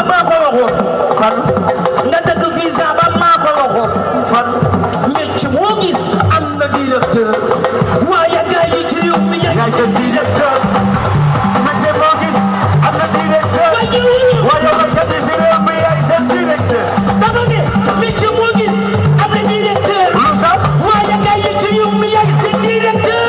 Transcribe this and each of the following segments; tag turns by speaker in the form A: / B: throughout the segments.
A: ba maa ko waxoon fan nga dëgg visa ba maa ko waxoon fan mécc moo gis am na directeur waaye gaay yi ci réew mi yaay sa directeur métier moo gis am na directeur waaye wala ci réew mi yaay sa directeur dafa ne métier moo gis am na directeur lu sax waaye gaay yi ci réew mi yaay sa directeur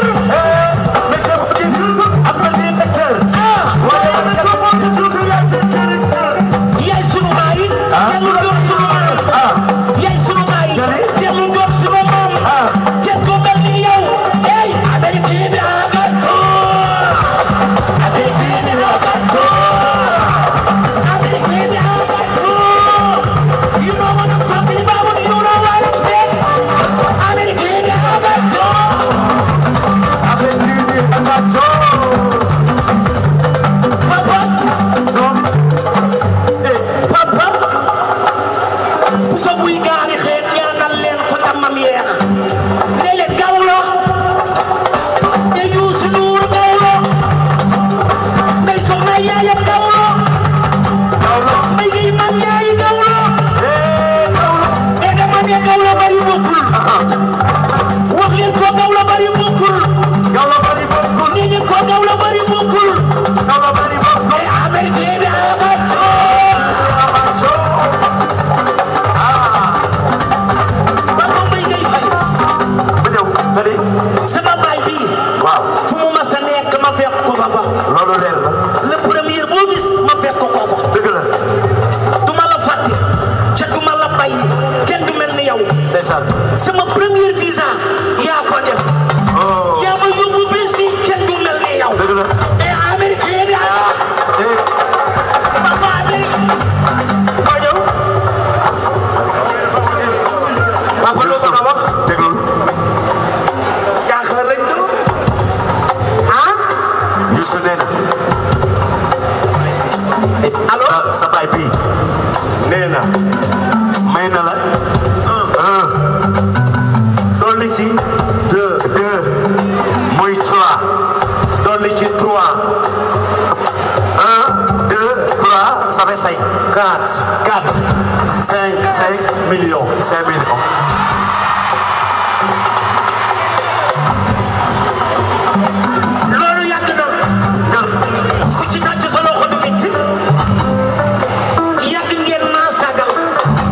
A: we got. istemeyelim. loolu yàgg na ku ci tàcc sa loxo du bitti yàgg ngeen maa sagal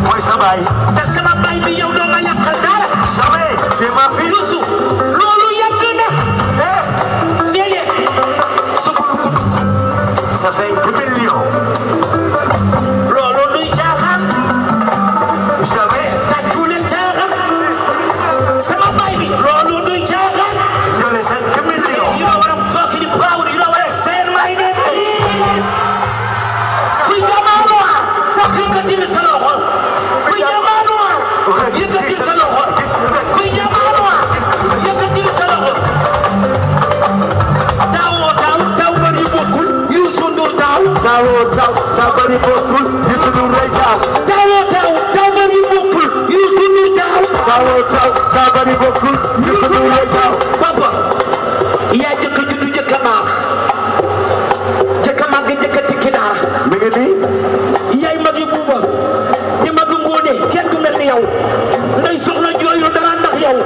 A: mooy sa baay te sama baay bi yow doo ma yàqal dara jamais ma fille Youssou taaloo taw taw bari bokkul yi sunu rëy taw taaloo taw taw bari bokkul yi sunu taw tikki daara mi ngi nii yaay magi buuba di magi ngóone kenn du mel ni yow nday soxna jooyu dara ndax yow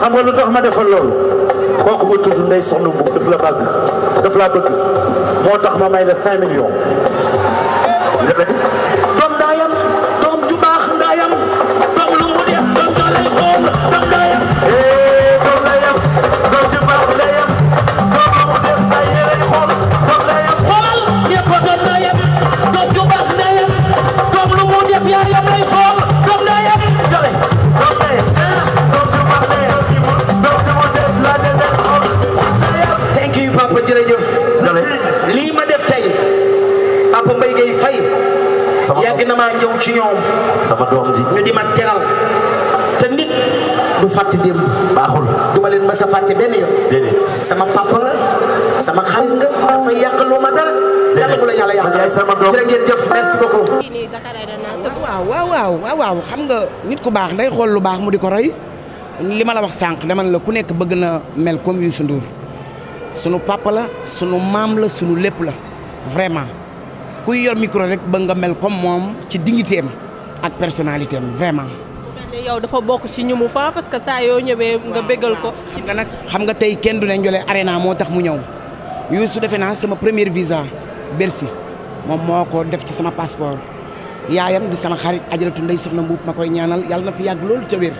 A: xam nga lu tax ma defal loolu kooku ma tudd nday soxna buub daf la bëgg daf la bëgg moo tax ma may la 5 millions. doom ji ñu di
B: ma teral te nit du fàtte démb baaxul du leen mës a fàtte benn yoon sama papa la sama xarit nga dafa yàqaloo ma dara yàlla la yàlla yàqal sama doom waaw waaw waaw waaw xam nga nit ku baax day xool lu baax mu di ko roy li ma la wax sànq dama la ku nekk bëgg na mel comme Youssou Ndour sunu papa la sunu maam la sunu lépp la vraiment kuy yor micro rek bëgg nga mel comme moom ci dignité ak personnalité am vraiment. yow dafa bokk ci ñu mu fa parce que saa yoo ñëwee nga bégal ko. xam nga nag xam nga tey kenn du ne Ndiolé Arena moo tax mu ñëw Youssou defe naa sama première visa Bercy moom moo ko def ci sama passeport yaayam di sama xarit ajaratu ndey soxna mbuub ma koy ñaanal yàlla na fi yàgg loolu ca wér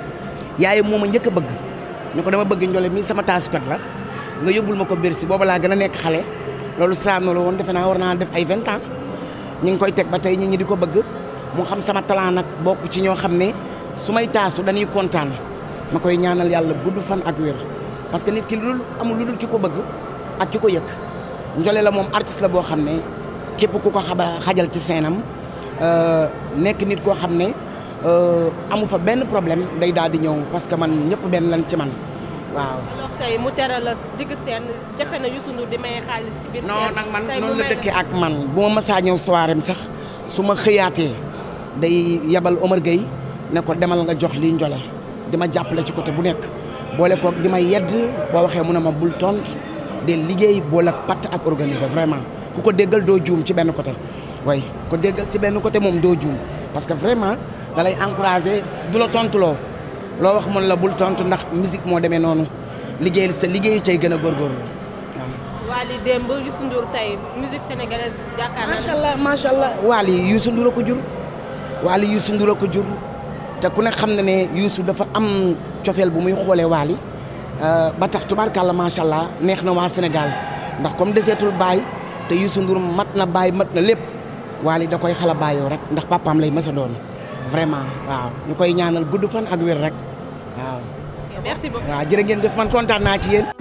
B: yaayam moo ma njëkk a bëgg ñu ko dama bëgg Ndiolé mii sama taasukat la nga yóbbul ma ko Bercy boobu laa gën a nekk xale loolu saano la woon defe war naa def ay vingt ans ñu ngi koy teg ba tey nit ñi di ko bëgg. mu xam sama talent nag bokk ci ñoo xam ne su may taasu dañuy kontaan ma koy ñaanal yàlla gudd fan ak wér parce que nit ki lu amul lu dul ki ko bëgg ak ki ko yëg Ndiolé la moom artiste la boo xam ne képp ku ko xaba xajal ci seenam euh, nekk nit koo xam ne euh, amu fa benn problème day daal di ñëw parce que man ñëpp benn lan ci man waaw. alors noonu la dëkkee ak man bu ma mësaa ñëw soirée sax su ma xëyaatee. day yebal Omar Gueye ne demal nga jox lii njole di ma jàppale ci côté bu nekk boole koog di ma yedd boo waxee mu ne ma bul tont de liggéey boole patt ak organiser vraiment ku ko déggal doo juum ci benn côté way ko déggal ci benn côté moom doo juum parce que vraiment da lay du la tontu loo loo wax mun la bul tontu ndax musique moo demee noonu liggéeyal sa liggéey cay gën a góorgóorlu waaw. Waly démb Youssou Ndour tey musique sénégalaise. jàkkaarloo macha allah ko jur. Wally Youssou Ndour a ko jur te ku ne xam na ne Youssou dafa am cofeel bu muy xoolee Wally euh, ba tax tubaarkàlla macha allah neex na waa Sénégal ndax comme deseetul baay te Youssou Ndour mat na baay mat na lépp Wally da koy xala baayoo rek ndax papaam lay mës a doon vraiment waaw ñu koy ñaanal gudd fan ak wér rek waaw. merci beaucoup def man kontaan naa ci yéen.